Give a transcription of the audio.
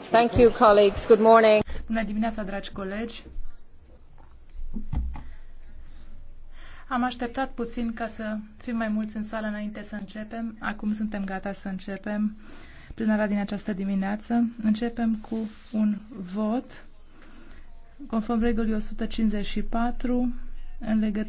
Thank you, colleagues. Good morning. Bună dimineața, dragi colegi. Am așteptat puțin ca să fim mai mulți în sală înainte să începem. Acum suntem gata să începem plenara din această dimineață. Începem cu un vot conform regulii 154 în legătură